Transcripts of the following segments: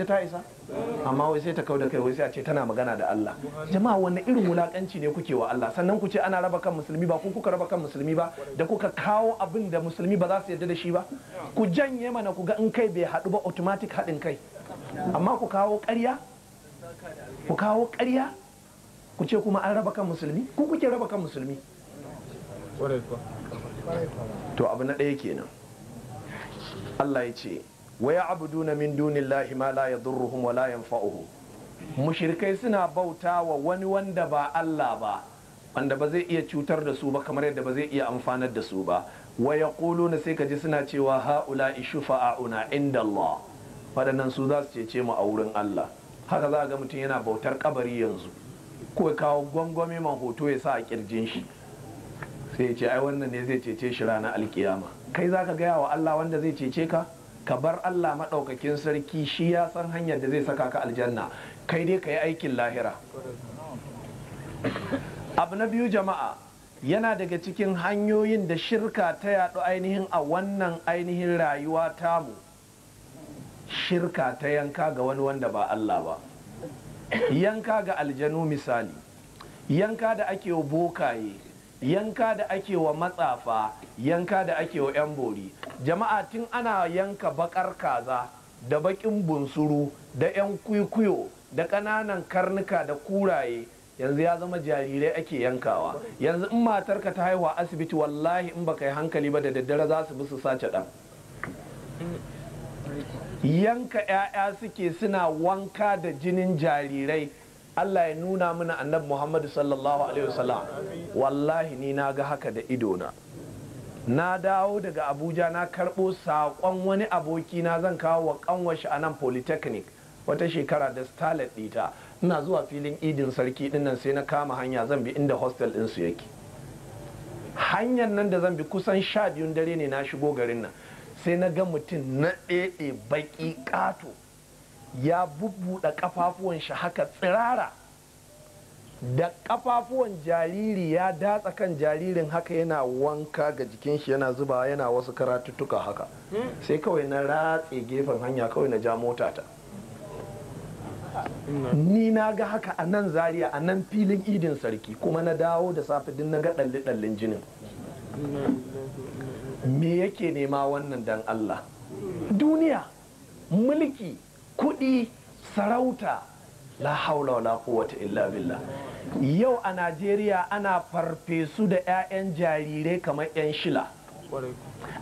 ya ta isa amma wai sai ta kau da kai wai sai a ce tana magana da Allah jama'a wannan irin wulakanci ne kuke wa Allah sannan ku ce ana raba kan musulmi ba ko kuka raba kan musulmi ba da kuka kawo abin da musulmi ba za su yarda da shi ba ku janye mana ku ga in kai bai haɗu ba automatic haɗin kai amma ku kawo ƙarya ku kawo ƙarya ku ce kuma an raba kan musulmi ku kuke raba kan musulmi to abu na ɗaya kenan Allah ya ce wa ya'buduna min lahi ma la yadurruhum wa la fa'uhu? Mushirikai suna bauta wa wani wanda ba Allah ba wanda ba zai iya cutar da su ba kamar yadda ba zai iya amfanar da su ba wa na sai ka ji suna cewa haula shufa'auna inda Allah waɗannan su za su cece mu a wurin Allah haka za a ga mutum yana bautar kabari yanzu ko kawo gwangwami man hoto ya a kirjin shi sai ya ce ai wannan ne zai cece shi ranar alkiyama kai za ka gaya wa Allah wanda zai cece ka ka bar Allah maɗaukakin sarki shi ya san hanyar da zai saka ka aljanna kai dai ka yi aikin lahira abu na biyu jama'a yana daga cikin hanyoyin da shirka ta yaɗu ainihin a wannan ainihin rayuwa tamu shirka ta yanka ga wani wanda ba Allah ba yanka ga aljanu misali yanka da ake bokaye yanka da ake wa matsafa yanka da ake wa 'yan bori jama'a tun ana yanka bakar kaza da bakin bunsuru da 'yan kwikwiyo da ƙananan karnuka da kuraye yanzu ya zama jarirai ake yankawa yanzu in matarka ta haihuwa asibiti wallahi in baka yi hankali ba da daddare za su bi su sace ɗan yanka 'ya'ya suke suna wanka da jinin jarirai Allah ya nuna mana annabi muhammad sallallahu alaihi wasallam wallahi ni na ga haka da idona na dawo daga Abuja na karɓo saƙon wani aboki na zan kawo wa kanwashi a nan polytechnic wata shekara da starlet ɗita ina zuwa filin idin sarki dinnan sai na kama hanya zan bi inda hostel su yake hanyar nan da zan bi kusan sha biyun dare ne na shigo garin nan sai na ga mutum na ɗeɗe baƙi ƙato ya bubbuɗe kafafuwan shi haka tsirara da kafafuwan jariri ya datsa kan jaririn haka yana wanka ga jikin shi yana zuba yana wasu karatuttuka haka sai kawai na ratse gefen hanya kawai na ja mota ta ni na ga haka a nan zariya a nan filin idin sarki kuma na dawo da safe din na ga ɗalli jinin me yake nema wannan dan allah duniya mulki kuɗi sarauta la haula wala quwwata illa billah yau a najeriya ana farfesu da 'ya'yan jarirai kamar 'yan shila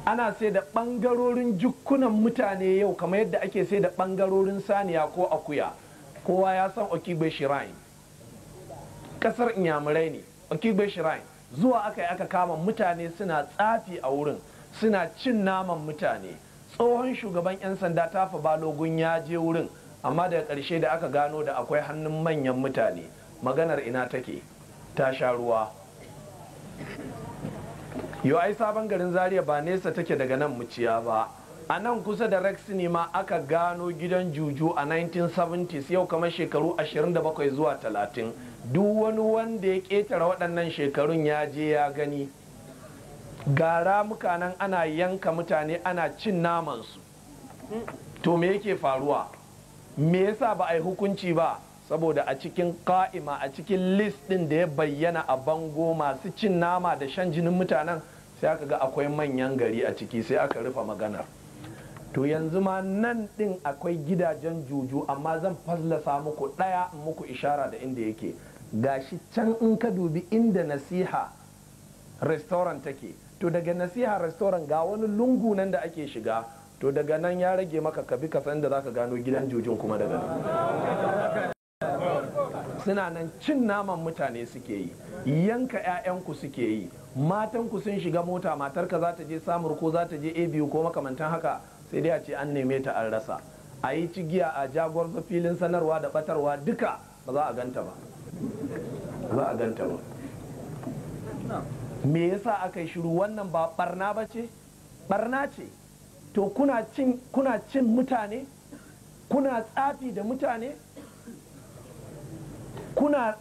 ana sai da ɓangarorin jukunan mutane yau kamar yadda ake sai da ɓangarorin saniya ko akuya kowa ya san okigbe shrine ƙasar inyamurai ne okigbe shrine zuwa aka yi aka kama mutane suna tsafi a wurin suna cin naman mutane tsohon shugaban 'yan sanda ta fa balogun ya je wurin amma daga ƙarshe da aka gano da akwai hannun manyan mutane maganar ina take ta sha ruwa yau ai sabon garin zaria ba nesa take daga nan muciya ba a nan kusa da rex ma aka gano gidan juju a 1970s yau kamar shekaru 27 zuwa 30 duk wani wanda ya ketare waɗannan shekarun ya je ya gani gara ramuka nan ana yanka mutane ana cin namansu to me yake faruwa me yasa ba a yi hukunci ba saboda a cikin ka'ima a cikin list din da ya bayyana a bango masu cin nama da shan jinin mutanen sai aka ga akwai manyan gari a ciki sai aka rufe maganar to yanzu ma nan din akwai gidajen juju amma zan fallasa muku ɗaya muku ishara da inda yake gashi can in ka dubi inda nasiha restaurant take to daga nasiha restaurant ga wani lungu nan da ake shiga to daga nan ya rage maka ka bi ka san da ka gano gidan jujin kuma daga nan suna nan cin naman mutane suke yi yanka 'ya'yanku suke yi matanku sun shiga mota matarka za ta je samur ko za ta je a biyu ko makamantan haka sai dai a ce an neme ta an rasa a yi cigiya a jagor filin sanarwa da batarwa duka ba za a ganta ba za a ganta ba me yasa aka yi shiru wannan ba barna ba ce barna ce to kuna cin mutane kuna tsafi da mutane kuna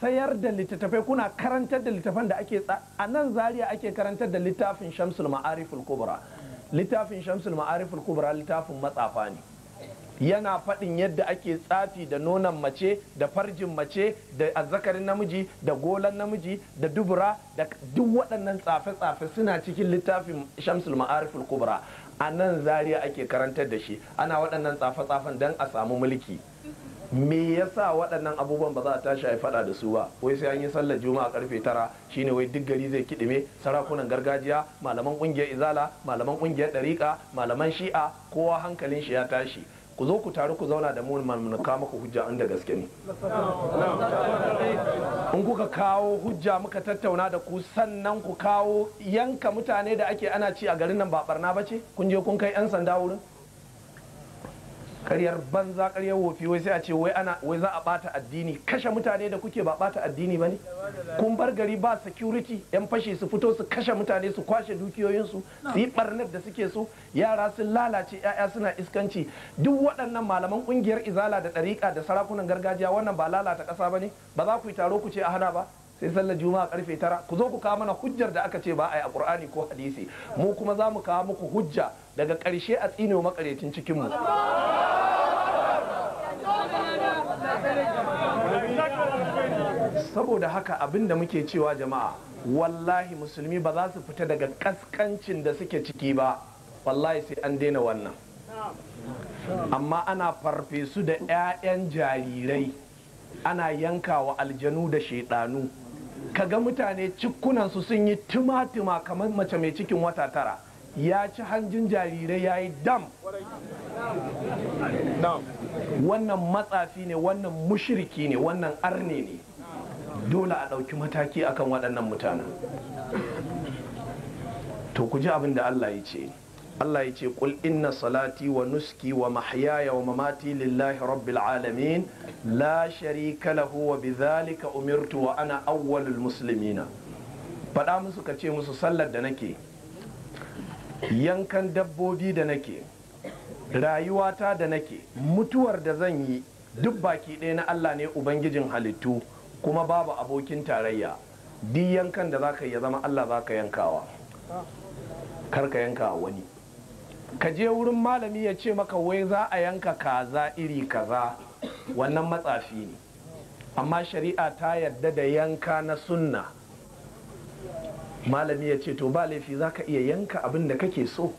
sayar da littattafai kuna karantar da littattafan da ake a nan zaria ake karantar da littafin shamsul ma'ariful kubra littafin shamsul ma'ariful kubra littafin matsafa ne yana faɗin yadda ake tsafi da nonon mace da farjin mace da azzakarin namiji da golan namiji da dubura da duk waɗannan tsafe-tsafe suna cikin littafin shamsul ma'ariful kubra a nan zaria ake karantar da shi ana waɗannan tsafe-tsafen don a samu mulki me yasa waɗannan abubuwan ba za a tashi a yi faɗa da su ba wai sai an yi sallar juma'a karfe tara shine wai duk gari zai kiɗime sarakunan gargajiya malaman ƙungiyar izala malaman ƙungiyar ɗariƙa malaman shi'a kowa hankalin shi ya tashi ku zo ku taru ku zauna da mun mun ka muku hujja inda gaske ne in kuka kawo hujja muka tattauna da ku sannan ku kawo yanka mutane da ake ana ci a garin nan ba barna bace? kun je kun kai yan sanda wurin karyar banza karyar wofi wai sai a ce wai ana wai za a bata addini kashe mutane da kuke ba bata addini bane kun bar gari ba security yan fashe su fito su kashe mutane su kwashe dukiyoyinsu su yi barnar da suke so yara sun lalace yaya suna iskanci duk waɗannan malaman ƙungiyar izala da ɗariƙa da sarakunan gargajiya wannan ba lalata ƙasa bane ba za ku yi taro ku ce a hana ba sai sallar juma'a karfe tara ku zo ku kawo mana hujjar da aka ce ba a yi a ƙur'ani ko hadisi mu kuma za mu kawo muku hujja daga ƙarshe a tsinewa cikin cikinmu saboda haka abin da muke cewa jama'a wallahi musulmi ba za su fita daga kaskancin da suke ciki ba wallahi sai an daina wannan amma ana farfesu da 'ya'yan jarirai ana yanka wa aljanu da shaidanu kaga mutane cikunansu sun yi tumatuma kamar mace mai cikin wata tara ya ci hanjin jarirai ya yi dam wannan matsafi ne wannan mushiriki ne wannan arne ne dole a ɗauki mataki akan waɗannan mutanen to ku ji abin da Allah ya ce Allah ya ce kul inna salati wa nuski wa mahyaya wa mamati lillahi rabbil alamin la sharika lahu wa bidhalika umirtu wa ana awwalul muslimina faɗa musu ka ce musu sallar da nake yankan dabbobi da nake rayuwata da nake mutuwar da zan yi duk baki ɗaya na Allah ne ubangijin halittu kuma babu abokin tarayya duk yankan da zaka ya zama Allah zaka yankawa karka yanka wani ka je wurin malami ya ce maka wai za a yanka kaza iri kaza wannan matsafi ne amma shari'a ta yadda da yanka na sunna malami ya ce to ba laifi za ka iya yanka abin da kake so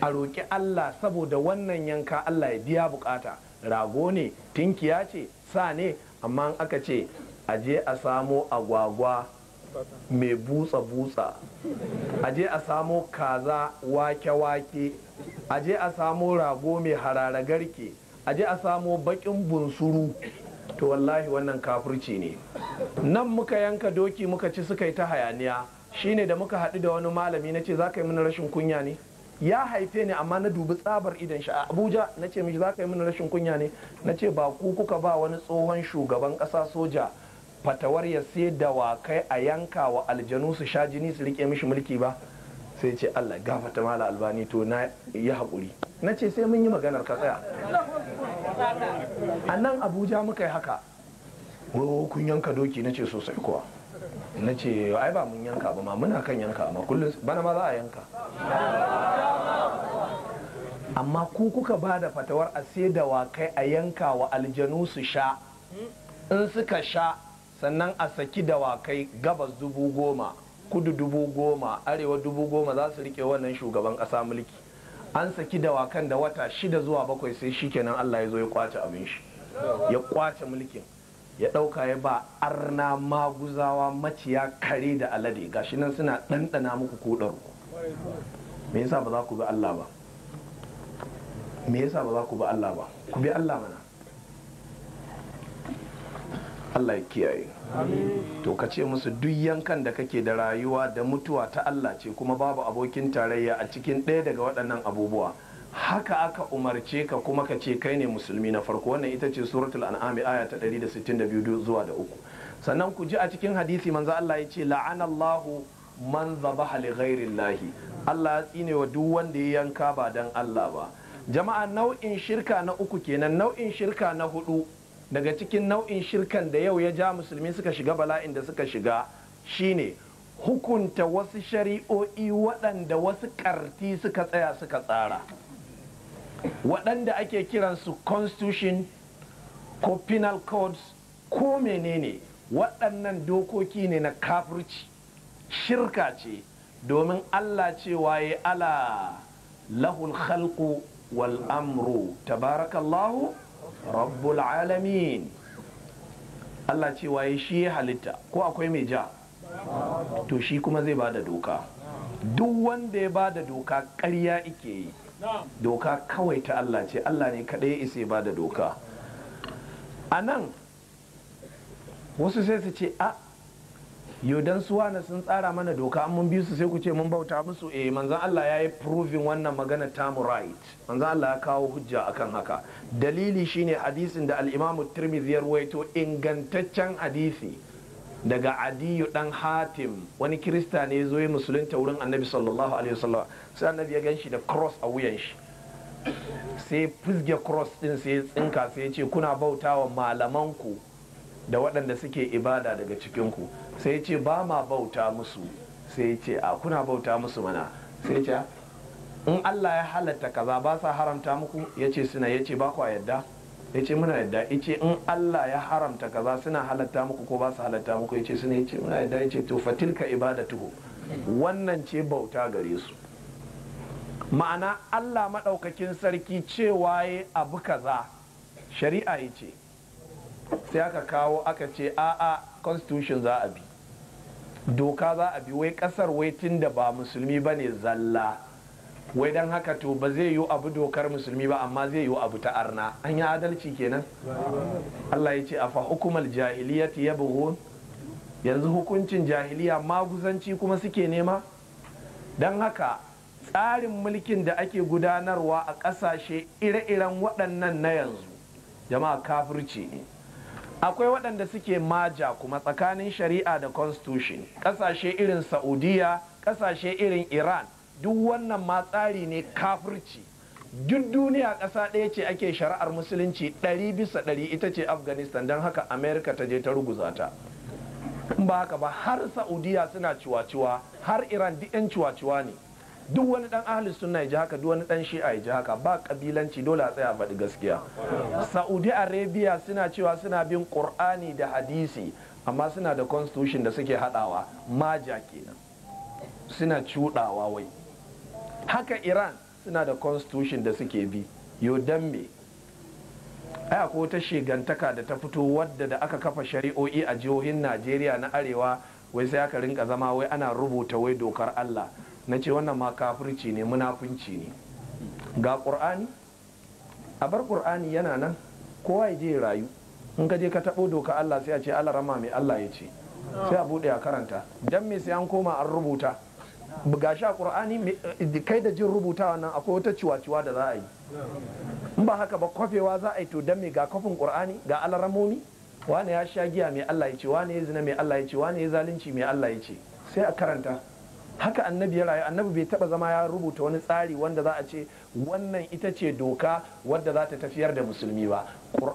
a roƙi Allah saboda wannan yanka Allah ya biya bukata rago ne tinkiya ce sa ne amma aka ce aje je a samo agwagwa mai butsa-butsa aje je a samo kaza wake-wake aje je a samo rago mai harara garke aje a samo bakin bunsuru to wallahi wannan kafirci ne nan muka yanka doki muka ci suka yi ta hayaniya shine da muka haɗu da wani malami na ce za ka yi mini rashin kunya ne ya haife ni amma na dubi tsabar idan shi a abuja na ce mishi za ka yi mini rashin kunya ne na ce ba ku kuka ba wani tsohon shugaban ƙasa soja fatawar ya sai wakai a yanka wa aljanu su sha jini su rike mishi mulki ba sai ce allah gafata mala albani to na yi haƙuri na ce sai mun yi maganar ka tsaya a nan abuja muka yi haka kun yanka doki na ce sosai kuwa na ce ai ba mun yanka ba ma muna kan yanka amma kullum bana ma za a yanka amma ku kuka ba da fatawar a sai da wakai a yanka wa aljanu su sha in suka sha sannan a saki da dawakai gabas dubu goma kudu dubu goma arewa dubu goma za su rike wannan shugaban ƙasa mulki an saki dawakan da wata shida zuwa bakwai sai shikenan allah ya zo ya kwace abin shi ya kwace mulkin ya ɗauka ya ba arna maguzawa maciya kare da alade gashi nan suna ɗanɗana muku kudar me yasa ba za ku bi Allah ba me yasa ba za ku bi Allah ba ku bi Allah mana Allah ya kiyaye to ka ce musu duk yankan da kake da rayuwa da mutuwa ta Allah ce kuma babu abokin tarayya a cikin ɗaya daga waɗannan abubuwa haka aka umarce ka kuma ka ce kai ne musulmi na farko wannan ita ce suratul an'am aya ta 162 zuwa da uku sannan ku ji a cikin hadisi manzo Allah ya ce la'anallahu man zabaha li Allah ya tsine wa duk wanda ya yanka ba dan Allah ba jama'a nau'in shirka na uku kenan nau'in shirka na hudu daga cikin nau'in shirkan da yau ya ja musulmi suka shiga bala'in da suka shiga shine hukunta wasu shari'o'i waɗanda wasu ƙarti suka tsaya suka tsara waɗanda ake kiransu constitution ko penal codes ko menene waɗannan dokoki ne na kafirci shirka ce domin allah cewa ya ala lahul khalqu wal amru tabarakallahu rabbul alamin allah cewa ya shi halitta ko akwai mai ja to shi kuma zai ba da doka duk wanda ya ba da doka ƙarya ike yi doka kawai ta Allah ce Allah ne kaɗai ya isa ba da doka a nan wasu sai su ce a yodan na sun tsara mana doka an mun bi su sai ku ce mun bauta musu eh manzan Allah ya yi proving wannan magana tamu right manzan Allah ya kawo hujja akan haka dalili shine hadisin da al turmi Tirmidhi ya ingantaccen hadisi daga adiyu dan hatim wani kirista ne zo ya musulunta wurin annabi sallallahu alaihi wasallam sai annabi ya gan shi da cross a wuyan shi sai fizge cross din sai tsinka sai ce kuna bautawa malamanku da waɗanda suke ibada daga cikinku sai ce ba ma bauta musu sai ce a kuna bauta musu mana sai ce in Allah ya halatta kaza ba sa haramta muku ya ce suna ya ce ba a yadda ya ce muna yadda ya ce in Allah ya haramta kaza suna halatta muku ko ba su halatta muku ya ce suna ya ce muna yadda ya ce to fatilka ibadatuhu wannan ce bauta gare su ma'ana Allah maɗaukakin sarki cewa ya abu kaza shari'a ya ce sai aka kawo aka ce a'a constitution za a bi doka za a bi wai ƙasar wai tun da ba musulmi ba ne zalla wai dan haka to ba zai yi abu dokar musulmi ba amma zai yi abu ta arna an yi adalci kenan Allah ya ce fahukumar hukumar jahiliyati ya bugun yanzu hukuncin jahiliya maguzanci kuma suke nema don haka tsarin mulkin da ake gudanarwa a ƙasashe ire-iren waɗannan na yanzu jama'a kafirci ne akwai waɗanda suke maja kuma tsakanin shari'a da constitution ƙasashe irin saudiya ƙasashe irin iran duk wannan ma tsari ne kafirci duk duniya ƙasa ɗaya ce ake shari'ar musulunci ɗari bisa ɗari ita ce afghanistan don haka amerika ta je ta ruguza ta ba haka ba har saudiya suna ciwaciwa har iran duk 'yan ciwaciwa ne duk wani dan ahli sunna ya ji haka duk wani dan shi'a ya ji haka ba kabilanci dole a tsaya faɗi gaskiya saudi arabia suna cewa suna bin qur'ani da hadisi amma suna da constitution da suke haɗawa maja kenan suna cudawa wai haka iran suna da constitution da suke bi yau don me ai ko ta shigantaka da ta fito wadda da aka kafa shari'o'i a jihohin najeriya na arewa wai sai aka rinka zama wai ana rubuta wai dokar allah na ce wannan ma kafirci ne munafunci ne ga ƙur'ani a bar ƙur'ani yana nan kowa ya je rayu in ka je ka taɓo doka allah sai a ce allah rama mai allah ya ce sai a buɗe a karanta don me sai an koma an rubuta buga shi a qur'ani eh, kai da jin rubutawa nan akwai wata ciwa-ciwa da za a yi in ba haka ba kwafewa za a yi to dan mai ga kofin ƙur'ani ga alaramomi wane ya sha giya mai Allah ya ce wane ya zina mai Allah ya ce wane ya zalunci mai Allah ya ce sai a karanta haka annabi ya rayu annabi bai taba zama ya rubuta wani tsari wanda za a ce wannan ita ce doka wadda za ta tafiyar da musulmi ba